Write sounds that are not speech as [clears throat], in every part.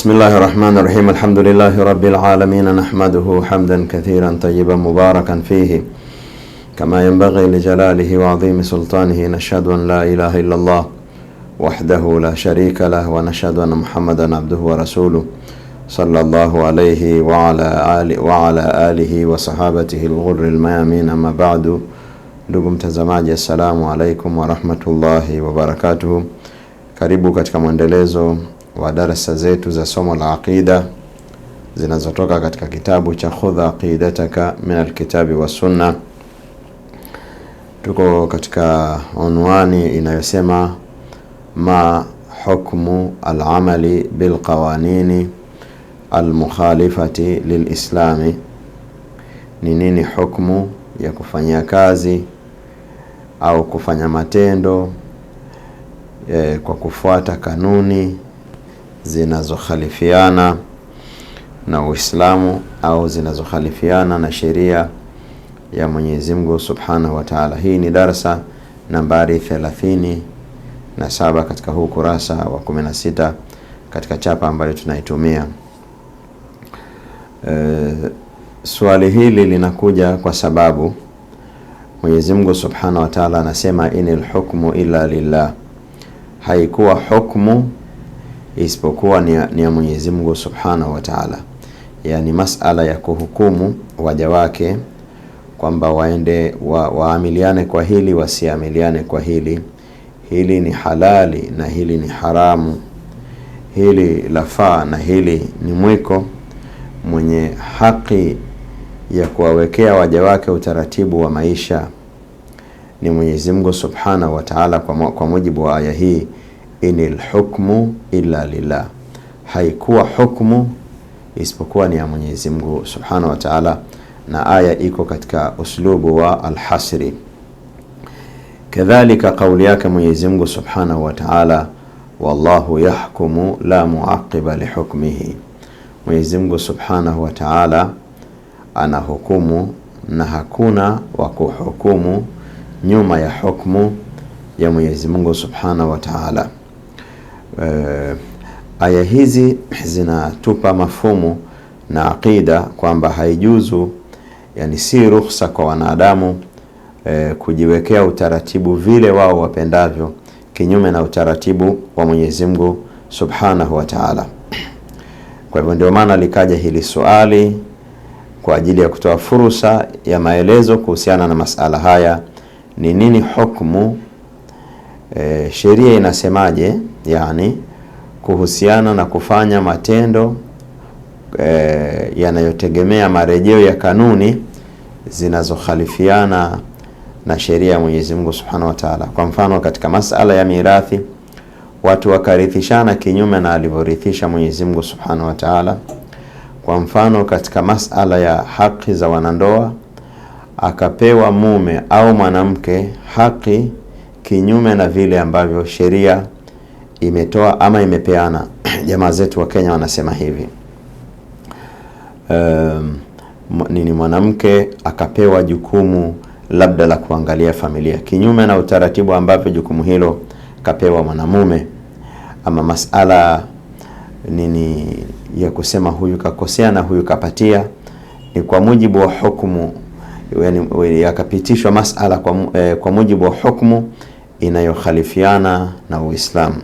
بسم الله الرحمن الرحيم الحمد لله رب العالمين نحمده حمدا كثيرا طيبا مباركا فيه كما ينبغي لجلاله وعظيم سلطانه نشهد أن لا إله إلا الله وحده لا شريك له ونشهد أن محمدا عبده ورسوله صلى الله عليه وعلى آله وعلى آله وصحابته الغر الميامين أما بعد ndugu mtazamaji assalamu alaikum warahmatullahi wabarakatuhu karibu katika mwendelezo wa darasa zetu za somo la aqida zinazotoka katika kitabu cha khudha aqidataka min alkitabi wassunna. Tuko katika unwani inayosema ma hukmu alamali bilqawanini almukhalifati lilislami, ni nini hukmu ya kufanyia kazi au kufanya matendo eh, kwa kufuata kanuni zinazokhalifiana na Uislamu au zinazokhalifiana na sheria ya Mwenyezi Mungu Subhanahu wa Ta'ala. Hii ni darsa nambari 37 katika huu kurasa wa 16 katika chapa ambayo tunaitumia. E, swali hili linakuja kwa sababu Mwenyezi Mungu Subhanahu wa Ta'ala anasema inil hukmu illa lillah, haikuwa hukmu isipokuwa ni, ni ya Mwenyezi Mungu Subhanahu wa Ta'ala, yaani masala ya kuhukumu waja wake kwamba waende wa, waamiliane kwa hili wasiamiliane kwa hili, hili ni halali na hili ni haramu, hili lafaa na hili ni mwiko. Mwenye haki ya kuwawekea waja wake utaratibu wa maisha ni Mwenyezi Mungu Subhanahu wa Ta'ala, kwa, kwa mujibu wa aya hii inil hukmu illa lillah, haikuwa hukmu isipokuwa ni ya Mwenyezi Mungu subhanahu wa taala. Na aya iko katika uslubu wa alhasri. Kadhalika kauli yake Mwenyezi Mungu subhanahu wa taala, wallahu yahkumu la muaqiba lihukmihi, Mwenyezi Mungu subhanahu wa taala anahukumu na hakuna wa kuhukumu nyuma ya hukmu ya Mwenyezi Mungu subhanahu wa taala eh, aya hizi zinatupa mafumu na aqida kwamba haijuzu, yani si ruhusa kwa wanadamu eh, kujiwekea utaratibu vile wao wapendavyo, kinyume na utaratibu wa Mwenyezi Mungu Subhanahu wa Ta'ala. Kwa hivyo ndio maana likaja hili suali kwa ajili ya kutoa fursa ya maelezo kuhusiana na masala haya. Ni nini hukumu? E, eh, sheria inasemaje yani kuhusiana na kufanya matendo eh, yanayotegemea marejeo ya kanuni zinazokhalifiana na sheria ya Mwenyezi Mungu Subhanahu wa Ta'ala. Kwa mfano, katika masala ya mirathi watu wakarithishana kinyume na alivyorithisha Mwenyezi Mungu Subhanahu wa Ta'ala. Kwa mfano, katika masala ya haki za wanandoa akapewa mume au mwanamke haki kinyume na vile ambavyo sheria imetoa ama imepeana. [clears throat] Jamaa zetu wa Kenya wanasema hivi um, nini, mwanamke akapewa jukumu labda la kuangalia familia kinyume na utaratibu ambavyo jukumu hilo kapewa mwanamume. Ama masala nini ya kusema huyu kakosea na huyu kapatia, ni kwa mujibu wa hukumu, yani yakapitishwa masala kwa, eh, kwa mujibu wa hukumu inayokhalifiana na Uislamu.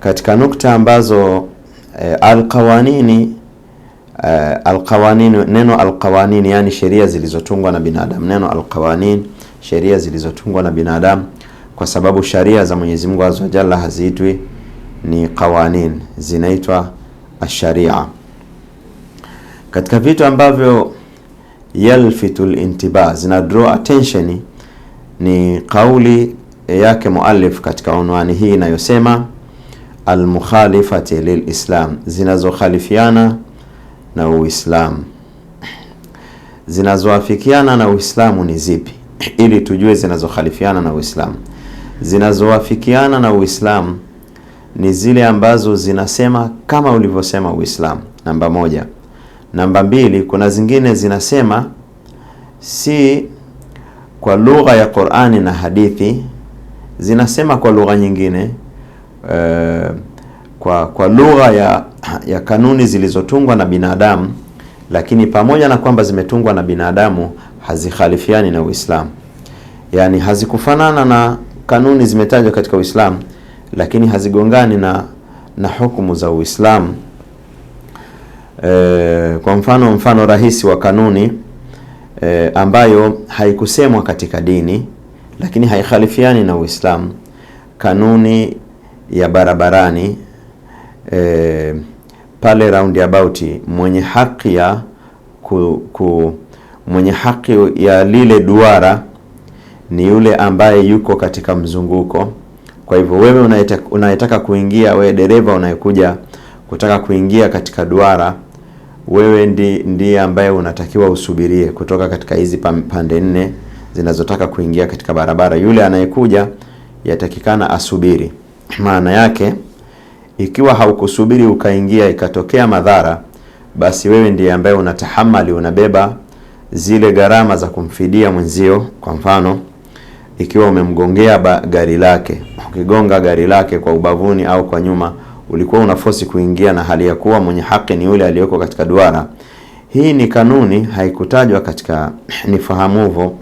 Katika nukta ambazo e, alqawanini e, alqawanini neno alqawanini, yani sheria zilizotungwa na binadamu, neno alqawanin, sheria zilizotungwa na binadamu, kwa sababu sharia za Mwenyezi Mungu azza jalla haziitwi ni qawanin, zinaitwa asharia. Katika vitu ambavyo yalfitul lintibah, zina draw attention ni kauli yake muallif katika unwani hii inayosema almukhalifati lilislam, zinazokhalifiana na Uislamu. Zinazoafikiana na Uislamu ni zipi? [clears throat] Ili tujue zinazokhalifiana na Uislamu. Zinazoafikiana na Uislamu ni zile ambazo zinasema kama ulivyosema Uislamu, namba moja. Namba mbili, kuna zingine zinasema si kwa lugha ya Qur'ani na hadithi zinasema kwa lugha nyingine uh, kwa, kwa lugha ya, ya kanuni zilizotungwa na binadamu, lakini pamoja na kwamba zimetungwa na binadamu hazikhalifiani na Uislamu, yaani hazikufanana na kanuni zimetajwa katika Uislamu, lakini hazigongani na, na hukumu za Uislamu. E, kwa mfano mfano rahisi wa kanuni e, ambayo haikusemwa katika dini lakini haikhalifiani na Uislamu, kanuni ya barabarani e, pale roundabout, mwenye haki ya ku, ku, mwenye haki ya lile duara ni yule ambaye yuko katika mzunguko. Kwa hivyo wewe unayetaka kuingia, wewe dereva unayekuja kutaka kuingia katika duara wewe ndi, ndiye ambaye unatakiwa usubirie kutoka katika hizi pande nne zinazotaka kuingia katika barabara. Yule anayekuja yatakikana asubiri. Maana yake ikiwa haukusubiri ukaingia ikatokea madhara, basi wewe ndiye ambaye unatahamali, unabeba zile gharama za kumfidia mwenzio. Kwa mfano, ikiwa umemgongea gari lake, ukigonga gari lake kwa ubavuni au kwa nyuma ulikuwa unafosi kuingia na hali ya kuwa mwenye haki ni yule aliyoko katika duara. Hii ni kanuni, haikutajwa katika [clears throat] nifahamu hivyo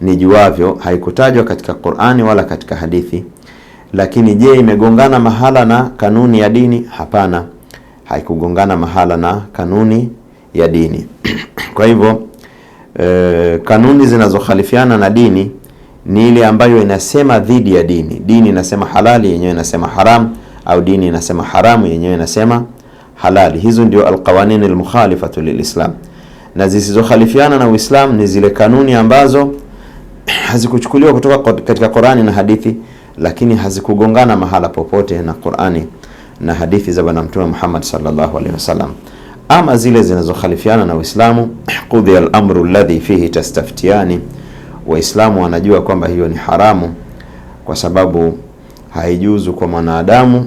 nijuavyo, haikutajwa katika Qur'ani wala katika hadithi. Lakini je, imegongana mahala na kanuni ya dini? Hapana, haikugongana mahala na kanuni ya dini. [clears throat] Kwa hivyo e, kanuni zinazokhalifiana na dini ni ile ambayo inasema dhidi ya dini. Dini inasema halali, yenyewe inasema haramu au dini inasema haramu, yenyewe inasema halali. Hizo ndio alqawanin almukhalifatu lilislam, na zisizokhalifiana na Uislamu ni zile kanuni ambazo [clears throat] hazikuchukuliwa kutoka katika Qurani na hadithi, lakini hazikugongana mahala popote na Qurani na hadithi za Bwana Mtume Muhammad sallallahu alaihi wasallam. Ama zile zinazokhalifiana na Uislamu, [clears throat] qudhi al-amru alladhi fihi tastaftiani, Waislamu wanajua kwamba hiyo ni haramu, kwa sababu haijuzu kwa mwanadamu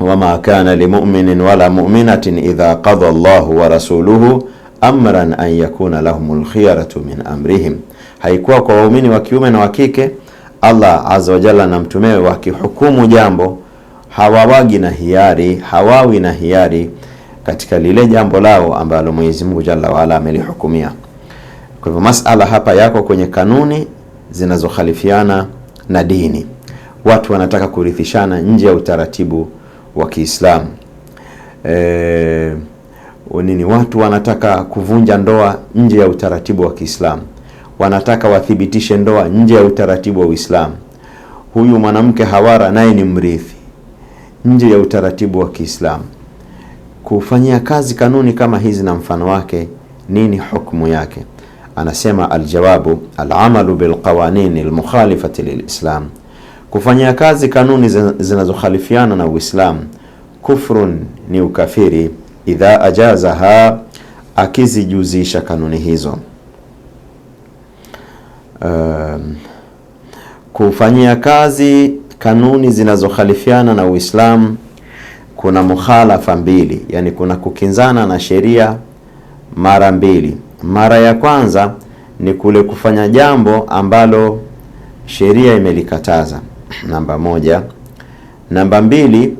wama kana limuminin wala muminatin idha qada llahu wa rasuluhu amran an yakuna lahum lkhiyaratu min amrihim, haikuwa kwa waumini wa kiume na wa kike Allah azza wa jalla na mtumewe wakihukumu jambo hawawagi na hiari, hawawi na hiari katika lile jambo lao ambalo Mwenyezi Mungu jalla waala amelihukumia. Kwa hivyo masala hapa yako kwenye kanuni zinazokhalifiana na dini. Watu wanataka kurithishana nje ya utaratibu wa Kiislamu. E, nini, watu wanataka kuvunja ndoa nje ya utaratibu wa Kiislamu, wanataka wathibitishe ndoa nje ya utaratibu wa Uislamu. Huyu mwanamke hawara naye ni mrithi nje ya utaratibu wa Kiislamu. Kufanyia kazi kanuni kama hizi na mfano wake, nini hukumu yake? Anasema aljawabu alamalu bilqawanin almukhalifati lilislam Kufanyia kazi kanuni zinazokhalifiana na Uislamu kufrun, ni ukafiri, idha ajazaha, akizijuzisha kanuni hizo. Um, kufanyia kazi kanuni zinazokhalifiana na Uislamu kuna mukhalafa mbili, yani kuna kukinzana na sheria mara mbili. Mara ya kwanza ni kule kufanya jambo ambalo sheria imelikataza namba moja. Namba mbili,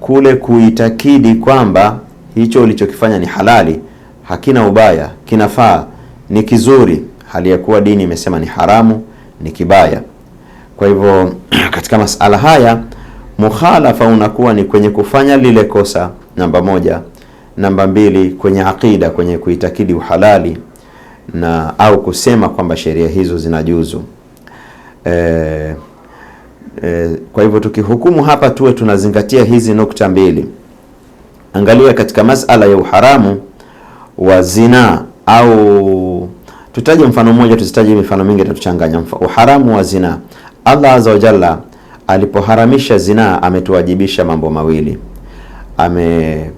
kule kuitakidi kwamba hicho ulichokifanya ni halali, hakina ubaya, kinafaa, ni kizuri, hali ya kuwa dini imesema ni haramu, ni kibaya. Kwa hivyo [clears throat] katika masala haya mukhalafa unakuwa ni kwenye kufanya lile kosa, namba moja. Namba mbili, kwenye aqida, kwenye kuitakidi uhalali na au kusema kwamba sheria hizo zinajuzu Eh, E, kwa hivyo tukihukumu hapa tuwe tunazingatia hizi nukta mbili. Angalia katika masala ya uharamu wa zinaa au tutaje mfano mmoja, tusitaje mifano mingi itatuchanganya. Uharamu wa zinaa, Allah azza wa jalla alipoharamisha zinaa ametuwajibisha mambo mawili, ame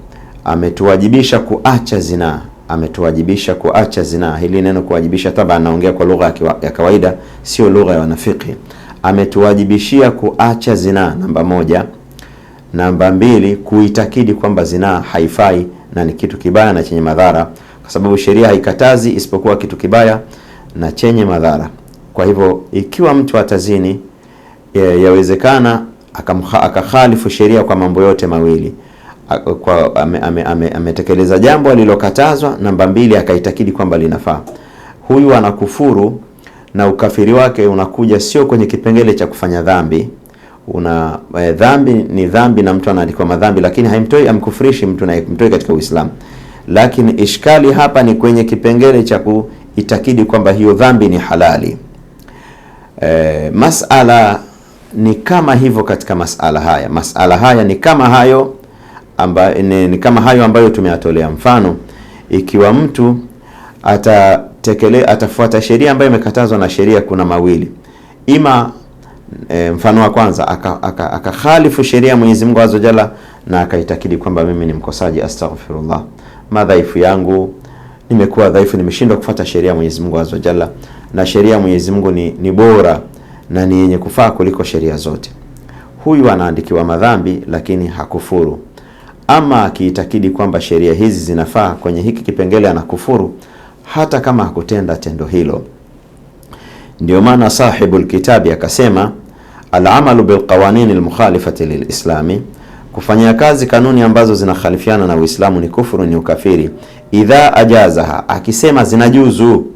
ametuwajibisha kuacha zinaa, ametuwajibisha kuacha zinaa. Hili neno kuwajibisha, taba naongea kwa lugha ya kawaida, sio lugha ya wanafiki ametuwajibishia kuacha zinaa, namba moja. Namba mbili, kuitakidi kwamba zinaa haifai na ni kitu kibaya na chenye madhara, kwa sababu sheria haikatazi isipokuwa kitu kibaya na chenye madhara. Kwa hivyo ikiwa mtu atazini, yawezekana akakhalifu sheria kwa mambo yote mawili kwa ametekeleza ame, ame jambo alilokatazwa. Namba mbili, akaitakidi kwamba linafaa. Huyu anakufuru na ukafiri wake unakuja sio kwenye kipengele cha kufanya dhambi una eh, dhambi ni dhambi na mtu anaandikiwa madhambi, lakini haimtoi amkufurishi mtu na mtoi katika Uislamu. Lakini ishkali hapa ni kwenye kipengele cha kuitakidi kwamba hiyo dhambi ni halali. Eh, masala ni kama hivyo katika masala haya, masala haya ni kama hayo amba, ni, ni kama hayo ambayo tumeyatolea mfano, ikiwa mtu ata tekele, atafuata sheria ambayo imekatazwa na sheria kuna mawili ima e, mfano wa kwanza akakhalifu aka, aka sheria Mwenyezi Mungu azza jalla na akaitakidi kwamba mimi ni mkosaji, astaghfirullah, madhaifu yangu nimekuwa dhaifu, nimeshindwa kufuata sheria ya Mwenyezi Mungu azza jalla, na sheria ya Mwenyezi Mungu ni, ni bora na ni yenye kufaa kuliko sheria zote. Huyu anaandikiwa madhambi lakini hakufuru. Ama akiitakidi kwamba sheria hizi zinafaa kwenye hiki kipengele, anakufuru hata kama hakutenda tendo hilo. Ndio maana sahibu lkitabi akasema alamalu bilqawanini lmukhalifati lilislami, kufanyia kazi kanuni ambazo zinakhalifiana na Uislamu ni kufuru, ni ukafiri. Idha ajazaha, akisema zinajuzu,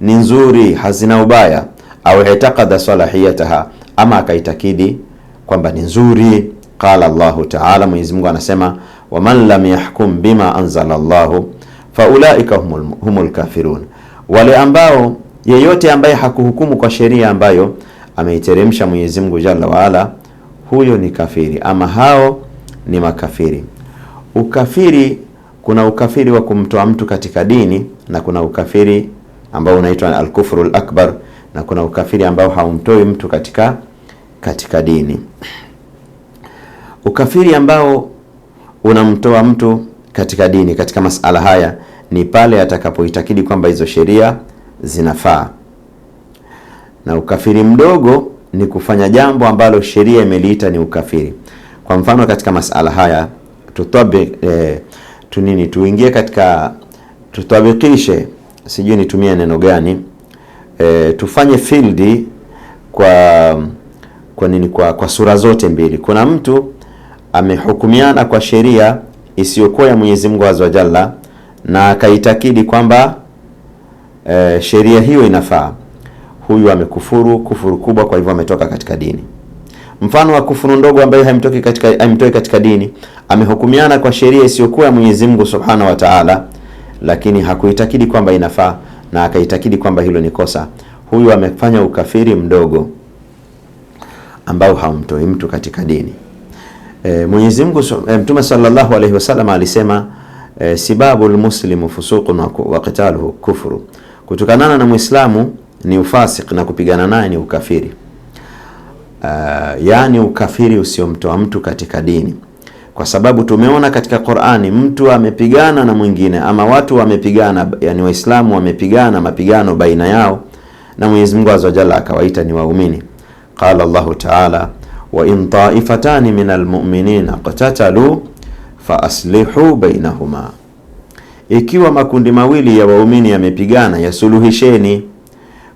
ni nzuri, hazina ubaya, au itaqada salahiyataha, ama akaitakidi kwamba ni nzuri. Qala llahu taala, Mwenyezi Mungu anasema waman lam yahkum bima anzala llahu faulaika humul, humul kafirun, wale ambao yeyote ambaye hakuhukumu kwa sheria ambayo ameiteremsha Mwenyezi Mungu Jalla waala, huyo ni kafiri, ama hao ni makafiri. Ukafiri, kuna ukafiri wa kumtoa mtu katika dini na kuna ukafiri ambao unaitwa al-kufru al-akbar na kuna ukafiri ambao haumtoi mtu katika katika dini. Ukafiri ambao unamtoa mtu katika dini katika masala haya ni pale atakapoitakidi kwamba hizo sheria zinafaa. Na ukafiri mdogo ni kufanya jambo ambalo sheria imeliita ni ukafiri. Kwa mfano katika masala haya tutabe, eh, tunini tuingie katika tutabikishe, sijui nitumie neno gani, eh, tufanye fieldi kwa kwa nini, kwa, kwa sura zote mbili. Kuna mtu amehukumiana kwa sheria isiyokuwa ya Mwenyezi Mungu Azza wajalla, na akaitakidi kwamba e, sheria hiyo inafaa, huyu amekufuru kufuru kubwa, kwa hivyo ametoka katika dini. Mfano wa kufuru ndogo ambayo haimtoki katika, haimtoki katika dini, amehukumiana kwa sheria isiyokuwa ya Mwenyezi Mungu Subhanahu wa Ta'ala, lakini hakuitakidi kwamba inafaa na akaitakidi kwamba hilo ni kosa, huyu amefanya ukafiri mdogo ambao haumtoi mtu katika dini. E, Mwenyezi Mungu e, Mtume sallallahu alayhi wasallam alisema e, sibabu lmuslimu fusuqun wa qitaluhu kufru, kutukanana na Muislamu ni ufasik na kupigana naye ni ukafiri. Uh, yani ukafiri usiomtoa mtu katika dini, kwa sababu tumeona katika Qur'ani mtu amepigana na mwingine ama watu wamepigana, yani Waislamu wamepigana mapigano baina yao, na Mwenyezi Mungu azza jalla akawaita ni waumini. Qala Allahu Ta'ala wa in taifatani min almu'minina qatatalu fa aslihu bainahuma, ikiwa makundi mawili ya waumini yamepigana, yasuluhisheni.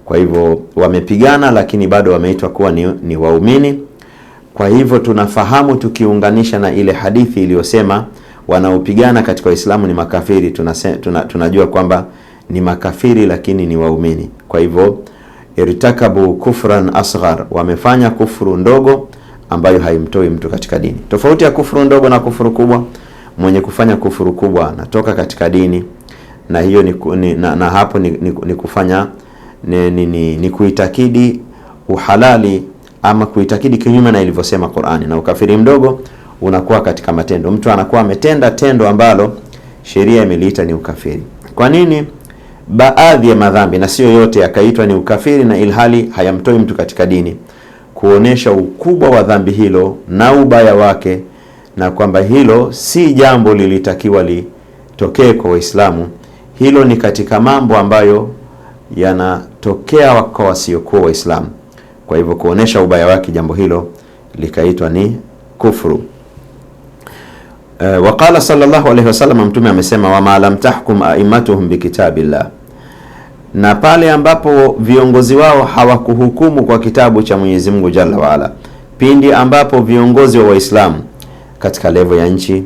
Kwa hivyo wamepigana, lakini bado wameitwa kuwa ni, ni waumini. Kwa hivyo tunafahamu tukiunganisha na ile hadithi iliyosema wanaopigana katika Waislamu ni makafiri, tunase, tuna, tunajua kwamba ni makafiri lakini ni waumini. Kwa hivyo irtakabu kufran asghar, wamefanya kufuru ndogo ambayo haimtoi mtu katika dini. Tofauti ya kufuru ndogo na kufuru kubwa, mwenye kufanya kufuru kubwa anatoka katika dini na hiyo ni, ni, na, na hapo ni, ni, ni kufanya ni, ni, ni, ni kuitakidi uhalali ama kuitakidi kinyume na ilivyosema Qur'ani. Na ukafiri mdogo unakuwa katika matendo, mtu anakuwa ametenda tendo ambalo sheria imeliita ni ukafiri. Kwa nini baadhi ya madhambi na sio yote yakaitwa ni ukafiri na ilhali hayamtoi mtu katika dini? kuonesha ukubwa wa dhambi hilo na ubaya wake, na kwamba hilo si jambo lilitakiwa litokee kwa Waislamu. Hilo ni katika mambo ambayo yanatokea kwa wasiokuwa Waislamu. Kwa hivyo kuonesha ubaya wake jambo hilo likaitwa ni kufru. E, eh, waqala sallallahu alayhi wasallam, mtume amesema, wama lam tahkum aimatuhum bikitabillah na pale ambapo viongozi wao hawakuhukumu kwa kitabu cha Mwenyezi Mungu Jalla waala, pindi ambapo viongozi wa Waislamu katika levo ya nchi,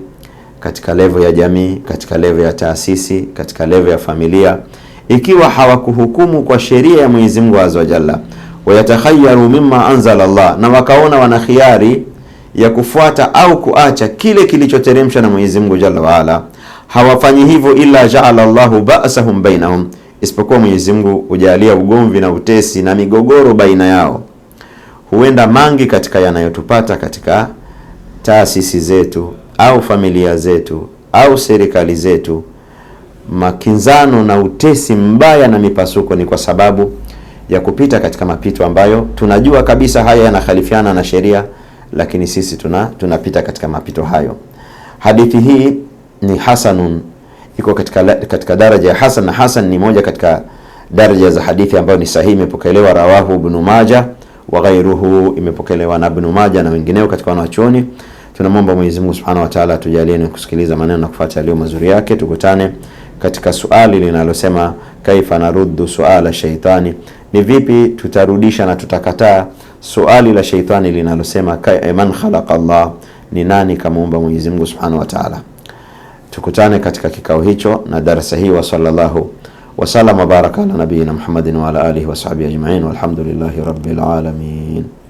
katika levo ya jamii, katika levo ya taasisi, katika levo ya familia, ikiwa hawakuhukumu kwa sheria ya Mwenyezi Mungu azza wa jalla, wayatakhayyaru mimma anzala Allah, na wakaona wana khiari ya kufuata au kuacha kile kilichoteremshwa na Mwenyezi Mungu Jalla waala, hawafanyi hivyo ila jaala Allahu ba'sahum bainahum isipokuwa Mwenyezi Mungu hujalia ugomvi na utesi na migogoro baina yao. Huenda mangi katika yanayotupata katika taasisi zetu au familia zetu au serikali zetu, makinzano na utesi mbaya na mipasuko ni kwa sababu ya kupita katika mapito ambayo tunajua kabisa haya yanakhalifiana na sheria, lakini sisi tuna tunapita katika mapito hayo. Hadithi hii ni hasanun iko katika, katika daraja ya hasan, na hasan ni moja katika daraja za hadithi ambayo ni sahihi. Imepokelewa rawahu Ibn Majah wa ghairuhu, imepokelewa na Ibn Majah na wengineo katika wanachuoni. Tunamwomba Mwenyezi Mungu Subhanahu wa Ta'ala tujalie ni kusikiliza maneno na kufuata yaliyo mazuri yake. Tukutane katika suali linalosema kaifa naruddu suala shaitani, ni vipi tutarudisha na tutakataa suali la shaitani linalosema eh, man khalaqa Allah, ni nani kamuumba Mwenyezi Mungu Subhanahu wa Ta'ala. Tukutane katika kikao hicho na darasa hii. Wasallallahu wasalama baraka ala nabiyina Muhammadin wa ala alihi wasahbihi ajmain walhamdulillahi rabbil alamin.